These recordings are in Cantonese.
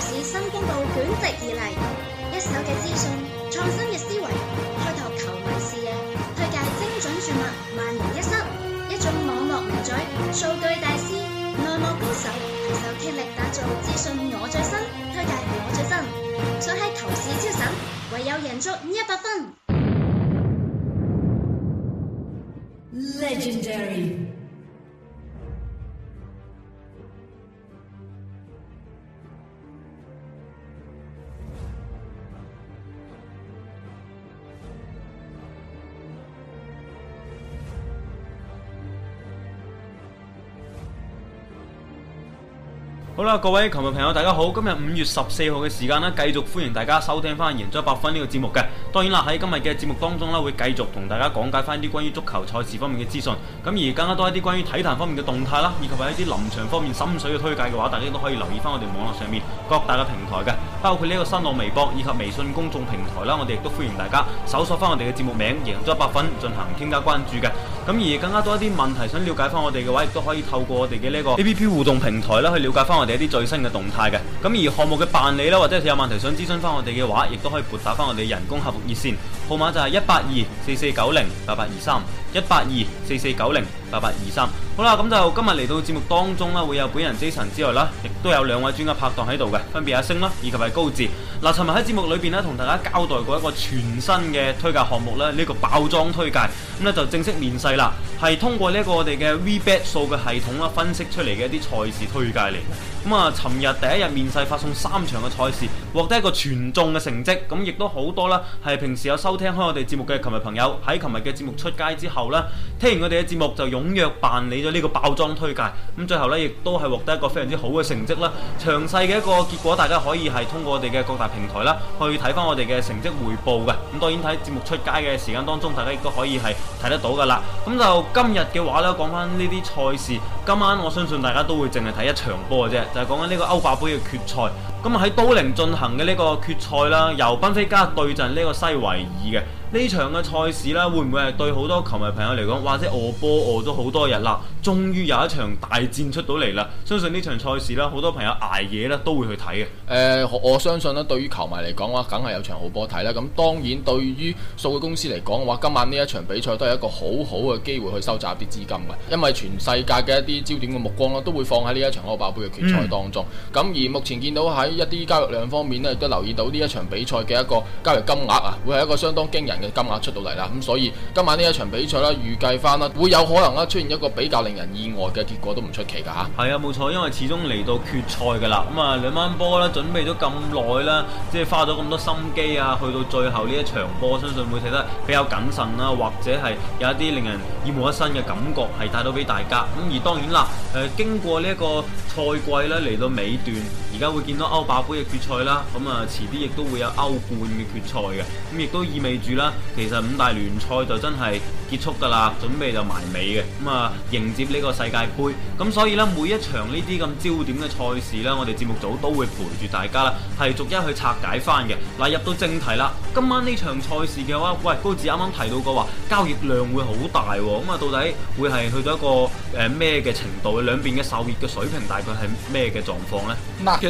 市新公佈捲席而嚟，一手嘅資訊，創新嘅思維，開拓球迷視野，推介精準絕密，萬無一失。一種網絡名嘴，數據大師，內幕高手，攜手傾力打造資訊我最新，推介我最真，想喺投市超神，唯有贏足一百分。Legendary。各位球迷朋友，大家好！今日5月14日五月十四號嘅時間呢，繼續歡迎大家收聽翻《贏足 100FUN》呢，呢個節目嘅。當然啦，喺今日嘅節目當中呢，會繼續同大家講解翻啲關於足球賽事方面嘅資訊。咁而更加多一啲關於體壇方面嘅動態啦，以及係一啲臨場方面心水嘅推介嘅話，大家都可以留意翻我哋網絡上面各大嘅平台嘅。包括呢個新浪微博以及微信公眾平台啦，我哋亦都歡迎大家搜索翻我哋嘅節目名，贏足 100FUN 進行添加關注嘅。咁而更加多一啲問題想了解翻我哋嘅話，亦都可以透過我哋嘅呢個 A P P 互動平台啦，去了解翻我哋一啲最新嘅動態嘅。咁而項目嘅辦理啦，或者係有問題想諮詢翻我哋嘅話，亦都可以撥打翻我哋人工客服熱線，號碼就係一八二四四九零八八二三。一八二四四九零八八二三，好啦，咁就今日嚟到節目當中啦，會有本人 Jason 之外啦，亦都有兩位專家拍檔喺度嘅，分別阿星啦，以及係高志。嗱，尋日喺節目裏邊呢，同大家交代過一個全新嘅推介項目咧，呢個爆莊推介，咁呢，就正式面世啦，係通過呢個我哋嘅 Vbet 數據系統啦，分析出嚟嘅一啲賽事推介嚟。咁啊，尋日第一日面世發送三場嘅賽事，獲得一個全中嘅成績，咁亦都好多啦，係平時有收聽開我哋節目嘅，琴日朋友喺琴日嘅節目出街之後，後啦，聽完我哋嘅節目就踴躍辦理咗呢個爆莊推介，咁最後呢亦都係獲得一個非常之好嘅成績啦。詳細嘅一個結果，大家可以係通過我哋嘅各大平台啦，去睇翻我哋嘅成績回報嘅。咁當然睇節目出街嘅時間當中，大家亦都可以係睇得到噶啦。咁就今日嘅話呢，講翻呢啲賽事，今晚我相信大家都會淨係睇一場波嘅啫，就係、是、講緊呢個歐霸杯嘅決賽。咁喺都靈進行嘅呢個決賽啦，由賓菲加對陣呢個西維爾嘅。呢場嘅賽事呢會唔會係對好多球迷朋友嚟講？或者係俄波俄咗好多日啦，終於有一場大戰出到嚟啦！相信場賽呢場賽事啦，好多朋友捱夜呢都會去睇嘅、呃。我相信呢對於球迷嚟講嘅話，梗係有場好波睇啦。咁當然，對於數據公司嚟講嘅話，今晚呢一場比賽都係一個好好嘅機會去收集啲資金嘅，因為全世界嘅一啲焦點嘅目光啦，都會放喺呢一場歐霸杯嘅決賽當中。咁、嗯、而目前見到喺一啲交易量方面呢亦都留意到呢一場比賽嘅一個交易金額啊，會係一個相當驚人，嘅金額出到嚟啦，咁所以今晚呢一場比賽咧，預計翻啦，會有可能啦出現一個比較令人意外嘅結果都唔出奇噶吓。係啊，冇錯，因為始終嚟到決賽噶啦，咁啊兩班波咧準備咗咁耐啦，即係花咗咁多心機啊，去到最後呢一場波，相信會睇得比較謹慎啦，或者係有一啲令人耳目一新嘅感覺係帶到俾大家。咁而當然啦，誒、呃、經過呢一個賽季咧嚟到尾段。而家會見到歐霸杯嘅決賽啦，咁啊，遲啲亦都會有歐冠嘅決賽嘅，咁亦都意味住啦，其實五大聯賽就真係結束㗎啦，準備就埋尾嘅，咁啊迎接呢個世界杯，咁所以呢，每一場呢啲咁焦點嘅賽事呢，我哋節目組都會陪住大家啦，係逐一去拆解翻嘅。嗱，入到正題啦，今晚呢場賽事嘅話，喂，高智啱啱提到過話交易量會好大，咁啊到底會係去到一個誒咩嘅程度？兩邊嘅受熱嘅水平大概係咩嘅狀況呢？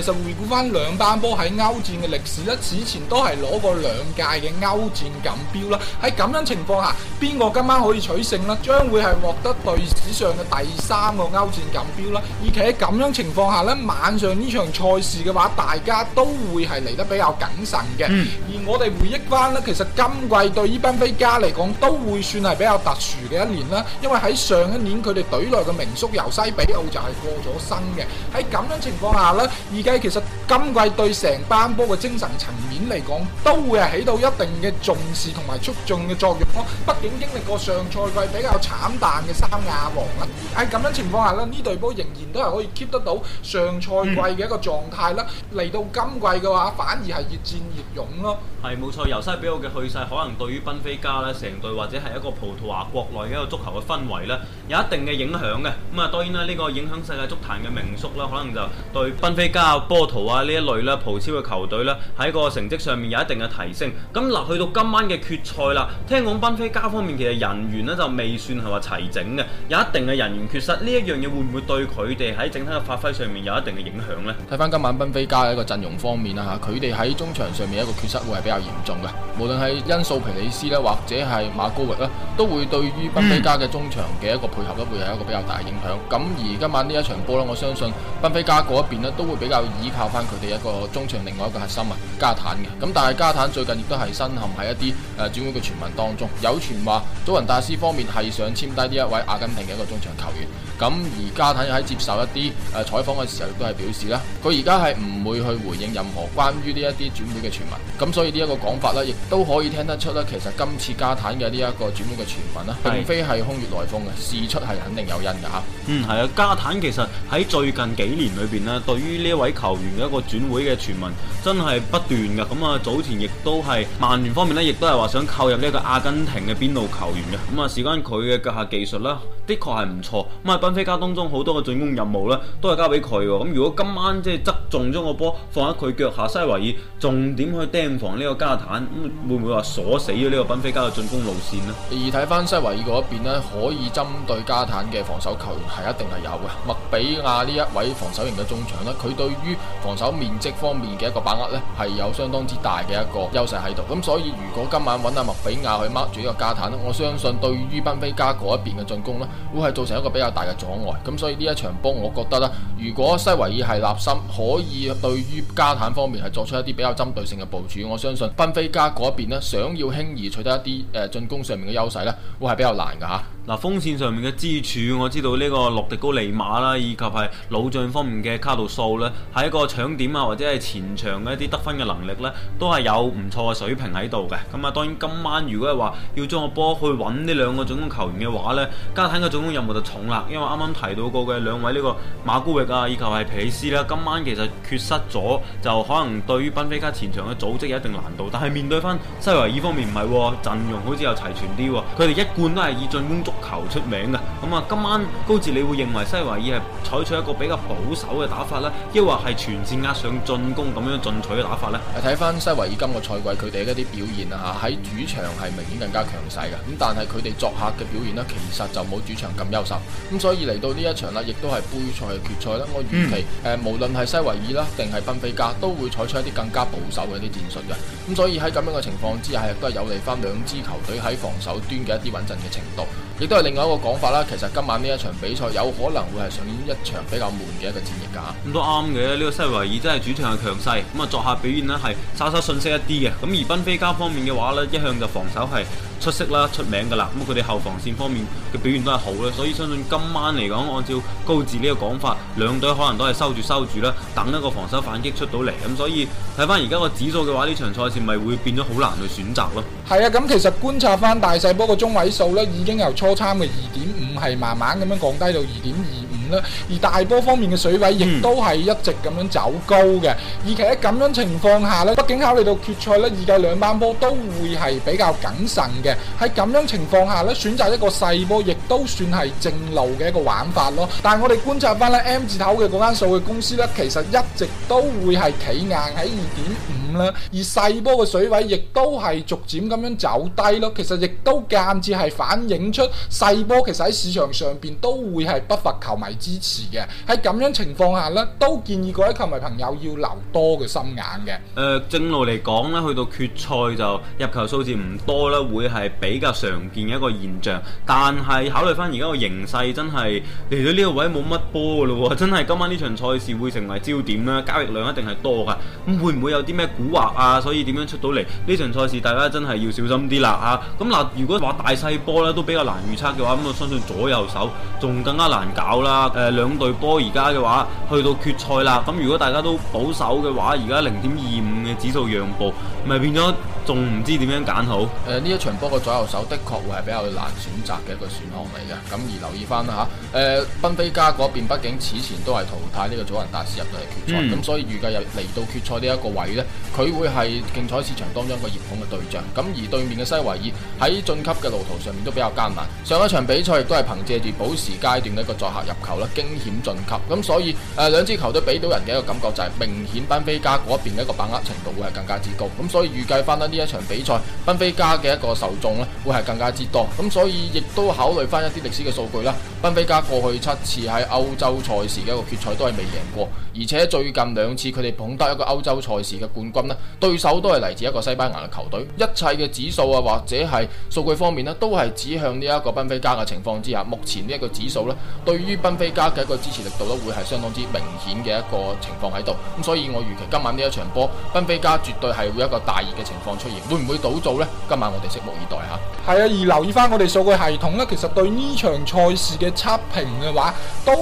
其實回顧翻兩班波喺歐戰嘅歷史咧，此前都係攞過兩屆嘅歐戰錦標啦。喺咁樣情況下，邊個今晚可以取勝咧？將會係獲得隊史上嘅第三個歐戰錦標啦。而且喺咁樣情況下咧，晚上呢場賽事嘅話，大家都會係嚟得比較謹慎嘅。嗯。而我哋回憶翻咧，其實今季對於賓菲加嚟講，都會算係比較特殊嘅一年啦。因為喺上一年佢哋隊內嘅名宿尤西比奧就係過咗身嘅。喺咁樣情況下咧，而家。其實今季對成班波嘅精神層面嚟講，都會係起到一定嘅重視同埋促進嘅作用咯。畢竟經歷過上賽季比較慘淡嘅三亞王啦，喺咁樣情況下咧，呢隊波仍然都係可以 keep 得到上賽季嘅一個狀態啦。嚟、嗯、到今季嘅話，反而係越戰越勇咯。係冇錯，尤西比奧嘅去世可能對於賓菲加咧成隊或者係一個葡萄牙國內嘅一個足球嘅氛圍呢，有一定嘅影響嘅。咁啊，當然啦，呢、這個影響世界足壇嘅名宿啦，可能就對賓菲加。波圖啊呢一類呢，葡超嘅球隊呢喺個成績上面有一定嘅提升。咁嗱，去到今晚嘅決賽啦，聽講賓菲加方面其實人員呢就未算係話齊整嘅，有一定嘅人員缺失。呢一樣嘢會唔會對佢哋喺整體嘅發揮上面有一定嘅影響呢？睇翻今晚賓菲加嘅一個陣容方面啦，吓佢哋喺中場上面一個缺失會係比較嚴重嘅。無論係恩素皮里斯呢，或者係馬高域呢，都會對於賓菲加嘅中場嘅一個配合都會有一個比較大嘅影響。咁、嗯、而今晚呢一場波啦，我相信賓菲加嗰一邊呢都會比較。依靠翻佢哋一個中場另外一個核心啊，加坦嘅，咁但係加坦最近亦都係身陷喺一啲誒、啊、轉會嘅傳聞當中，有傳話祖雲達斯方面係想簽低呢一位阿根廷嘅一個中場球員，咁而加坦喺接受一啲誒、啊、採訪嘅時候亦都係表示啦，佢而家係唔會去回應任何關於呢一啲轉會嘅傳聞，咁所以這呢一個講法咧，亦都可以聽得出咧，其實今次加坦嘅呢一個轉會嘅傳聞呢，是並非係空穴來風嘅，事出係肯定有因㗎嚇。嗯，係啊，加坦其實喺最近幾年裏邊呢，對於呢位球員嘅一個轉會嘅傳聞，真係不斷嘅。咁、嗯、啊，早前亦都係曼聯方面呢，亦都係話想扣入呢一個阿根廷嘅邊路球員嘅。咁、嗯、啊，事關佢嘅腳下技術咧，的確係唔錯。咁、嗯、啊，賓菲加當中，好多嘅進攻任務呢，都係交俾佢。咁、嗯、如果今晚即係側中咗個波，放喺佢腳下，西維爾重點去盯防呢個加坦，咁、嗯、會唔會話鎖死咗呢個賓菲加嘅進攻路線呢？而睇翻西維爾嗰邊呢，可以針對加坦嘅防守球員係一定係有嘅，麥比亞呢一位防守型嘅中場呢，佢對。於防守面積方面嘅一個把握呢，係有相當之大嘅一個優勢喺度。咁所以如果今晚揾阿麥比亞去 mark 住個呢個加坦呢，我相信對於賓菲加嗰一邊嘅進攻呢，會係造成一個比較大嘅阻礙。咁所以呢一場波，我覺得呢，如果西維爾係立心可以對於加坦方面係作出一啲比較針對性嘅部署，我相信賓菲加嗰邊呢，想要輕易取得一啲誒進攻上面嘅優勢呢，會係比較難嘅吓。啊嗱，風線上面嘅支柱，我知道呢個洛迪高利馬啦，以及係老將方面嘅卡杜素咧，喺一個搶點啊，或者係前場嘅一啲得分嘅能力咧，都係有唔錯嘅水平喺度嘅。咁啊，當然今晚如果係話要將個波去揾呢兩個進攻球員嘅話咧，家陣嘅進攻任務就重啦。因為啱啱提到過嘅兩位呢個馬古域啊，以及係皮斯啦，今晚其實缺失咗，就可能對於賓菲加前場嘅組織有一定難度。但係面對翻西維爾方面唔係喎，陣容好似有齊全啲喎，佢哋一貫都係以進攻足球出名嘅咁啊！今晚高治你會認為西維爾係採取一個比較保守嘅打法咧，抑或係全線壓上進攻咁樣進取嘅打法咧？睇翻西維爾今個賽季佢哋一啲表現啊，喺主場係明顯更加強勢嘅。咁但係佢哋作客嘅表現咧，其實就冇主場咁優秀。咁所以嚟到呢一場啦，亦都係杯賽嘅決賽啦。我預期誒，嗯、無論係西維爾啦，定係賓菲加，都會採取一啲更加保守嘅一啲戰術嘅。咁所以喺咁樣嘅情況之下，亦都係有利翻兩支球隊喺防守端嘅一啲穩陣嘅程度。亦都係另外一個講法啦，其實今晚呢一場比賽有可能會係上演一場比較悶嘅一個戰役噶。咁都啱嘅，呢、這個西維爾真係主場係強勢，咁啊作客表現咧係稍稍遜色一啲嘅。咁而賓菲加方面嘅話呢一向就防守係。出色啦，出名噶啦，咁佢哋後防線方面嘅表現都係好啦，所以相信今晚嚟講，按照高智呢個講法，兩隊可能都係收住收住啦，等一個防守反擊出到嚟，咁所以睇翻而家個指數嘅話，呢場賽事咪會變咗好難去選擇咯。係啊，咁其實觀察翻大細波個中位數咧，已經由初參嘅二點五係慢慢咁樣降低到二點二。而大波方面嘅水位亦都係一直咁樣走高嘅，嗯、而且咁樣嘅情況下咧，畢竟考慮到決賽咧，預計兩班波都會係比較謹慎嘅。喺咁樣嘅情況下咧，選擇一個細波亦都算係正路嘅一個玩法咯。但係我哋觀察翻咧 M 字頭嘅嗰間數嘅公司咧，其實一直都會係企硬喺二點五啦，而細波嘅水位亦都係逐漸咁樣走低咯。其實亦都間接係反映出細波其實喺市場上邊都會係不乏球迷。支持嘅。喺咁樣情況下呢，都建議各位球迷朋友要留多個心眼嘅。誒、呃，正路嚟講呢，去到決賽就入球數字唔多啦，會係比較常見嘅一個現象。但係考慮翻而家個形勢，真係嚟到呢個位冇乜波噶咯，真係今晚呢場賽事會成為焦點啦，交易量一定係多噶。咁會唔會有啲咩蠱惑啊？所以點樣出到嚟呢場賽事？大家真係要小心啲啦嚇。咁嗱，如果話大細波呢都比較難預測嘅話，咁我相信左右手仲更加難搞啦。誒、呃、兩隊波而家嘅話，去到決賽啦。咁如果大家都保守嘅話，而家零點二五嘅指數讓步，咪變咗仲唔知點樣揀好？誒呢、呃、一場波嘅左右手，的確會係比較難選擇嘅一個選項嚟嘅。咁而留意翻啦嚇，誒賓菲加嗰邊，畢竟此前都係淘汰呢個祖雲達斯入到嚟決賽，咁、嗯、所以預計入嚟到決賽呢一個位呢，佢會係競賽市場當中一個熱捧嘅對象。咁而對面嘅西維爾喺晉級嘅路途上面都比較艱難。上一場比賽亦都係憑藉住補時階段嘅一個作客入球。驚險晉級咁，所以誒，兩、啊、支球隊俾到人嘅一個感覺就係明顯，賓菲加嗰邊嘅一個把握程度會係更加之高。咁所以預計翻咧呢這一場比賽，賓菲加嘅一個受眾咧會係更加之多。咁所以亦都考慮翻一啲歷史嘅數據啦。賓菲加過去七次喺歐洲賽事嘅一個決賽都係未贏過，而且最近兩次佢哋捧得一個歐洲賽事嘅冠軍咧，對手都係嚟自一個西班牙嘅球隊。一切嘅指數啊，或者係數據方面咧，都係指向呢一個賓菲加嘅情況之下。目前呢一個指數咧，對於賓菲。加嘅一個支持力度都會係相當之明顯嘅一個情況喺度，咁所以我預期今晚呢一場波，賓菲加絕對係會一個大熱嘅情況出現，會唔會倒灶咧？今晚我哋拭目以待吓。係啊，而留意翻我哋數據系統咧，其實對呢場賽事嘅測評嘅話，都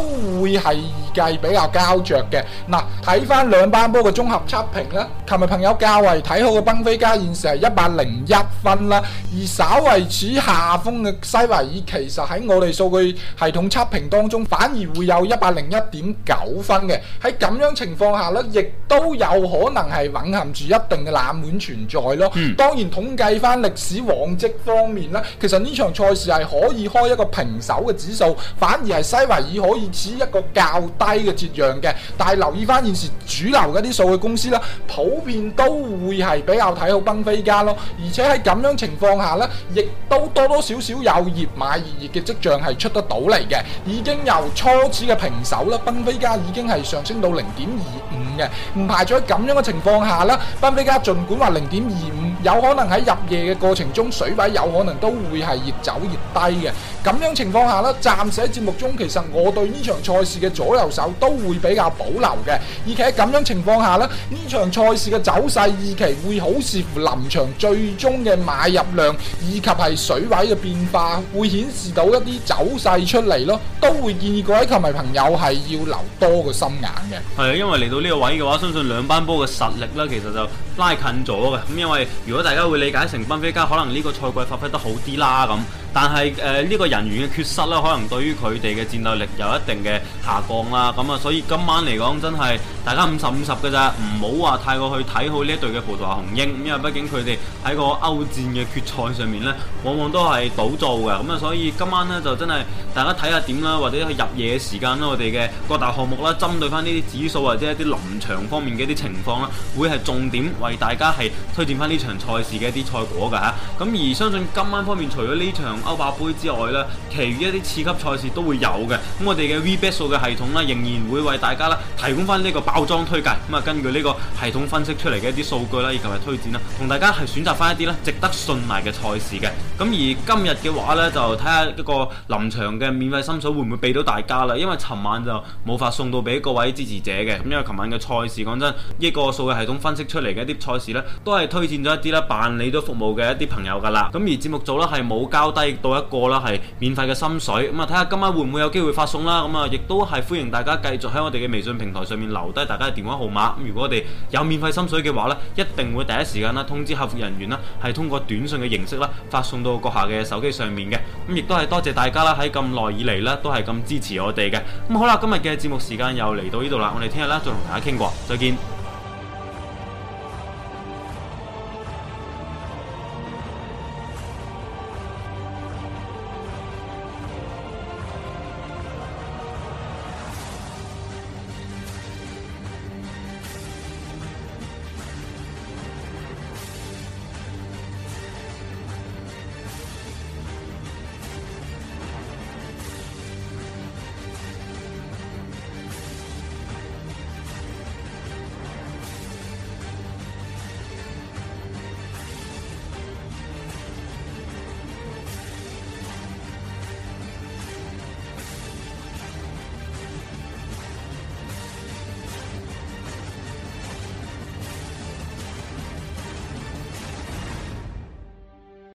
會係預計比較膠着嘅。嗱，睇翻兩班波嘅綜合測評咧，琴日朋友較為睇好嘅賓菲加現時係一百零一分啦，而稍為處下風嘅西維爾其實喺我哋數據系統測評當中反。反而會有一百零一點九分嘅，喺咁樣情況下呢，亦都有可能係隱含住一定嘅冷門存在咯。嗯、當然統計翻歷史往績方面呢，其實呢場賽事係可以開一個平手嘅指數，反而係西維爾可以持一個較低嘅折讓嘅。但係留意翻現時主流嗰啲數據公司咧，普遍都會係比較睇好賓菲加咯。而且喺咁樣情況下呢，亦都多多少少有熱買熱嘅跡象係出得到嚟嘅，已經由。初始嘅平手啦，賓菲加已經係上升到零點二五嘅，唔排除喺咁樣嘅情況下啦，賓菲加盡管話零點二五，有可能喺入夜嘅過程中，水位有可能都會係越走越低嘅。咁樣情況下呢，暫時喺節目中，其實我對呢場賽事嘅左右手都會比較保留嘅。而且咁樣情況下呢，呢場賽事嘅走勢預期會好視乎臨場最終嘅買入量以及係水位嘅變化，會顯示到一啲走勢出嚟咯。都會建議各位球迷朋友係要留多個心眼嘅。係啊，因為嚟到呢個位嘅話，相信兩班波嘅實力啦，其實就拉近咗嘅。咁因為如果大家會理解成賓菲加，可能呢個賽季發揮得好啲啦咁。但係誒呢個人員嘅缺失咧，可能對於佢哋嘅戰鬥力有一定嘅下降啦。咁啊，所以今晚嚟講真係大家五十五十嘅咋，唔好話太過去睇好呢一隊嘅葡萄牙雄鷹。因為，畢竟佢哋喺個歐戰嘅決賽上面呢，往往都係倒灶嘅。咁啊，所以今晚呢，就真係大家睇下點啦，或者去入夜嘅時間啦，我哋嘅各大項目啦，針對翻呢啲指數或者一啲臨場方面嘅一啲情況啦，會係重點為大家係推薦翻呢場賽事嘅一啲賽果噶吓。咁而相信今晚方面，除咗呢場。歐霸杯之外呢，其餘一啲次級賽事都會有嘅。咁我哋嘅 V Bet 數據系統呢，仍然會為大家呢提供翻呢個爆莊推介。咁啊,根據呢個系統分析出嚟嘅一啲數據啦，以及係推薦啦，同大家係選擇翻一啲呢值得信賴嘅賽事嘅。咁而今日嘅話呢，就睇下一個臨場嘅免費心水會唔會俾到大家啦？因為尋晚就冇法送到俾各位支持者嘅。咁因為尋晚嘅賽事，講真，呢個數據系統分析出嚟嘅一啲賽事呢，都係推薦咗一啲呢辦理咗服務嘅一啲朋友噶啦。咁而節目組呢，係冇交低。到一個啦，係免費嘅心水。咁啊，睇下今晚會唔會有機會發送啦。咁啊，亦都係歡迎大家繼續喺我哋嘅微信平台上面留低大家嘅電話號碼。咁如果我哋有免費心水嘅話呢，一定會第一時間咧通知客服人員啦，係通過短信嘅形式啦發送到閣下嘅手機上面嘅。咁亦都係多謝大家啦，喺咁耐以嚟呢，都係咁支持我哋嘅。咁好啦，今日嘅節目時間又嚟到呢度啦，我哋聽日咧再同大家傾過，再見。